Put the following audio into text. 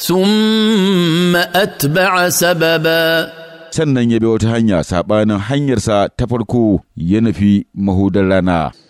ثم أتبع سببا سنن يبي وتهنيا سابانا هنيرسا تفركو ينفي مهود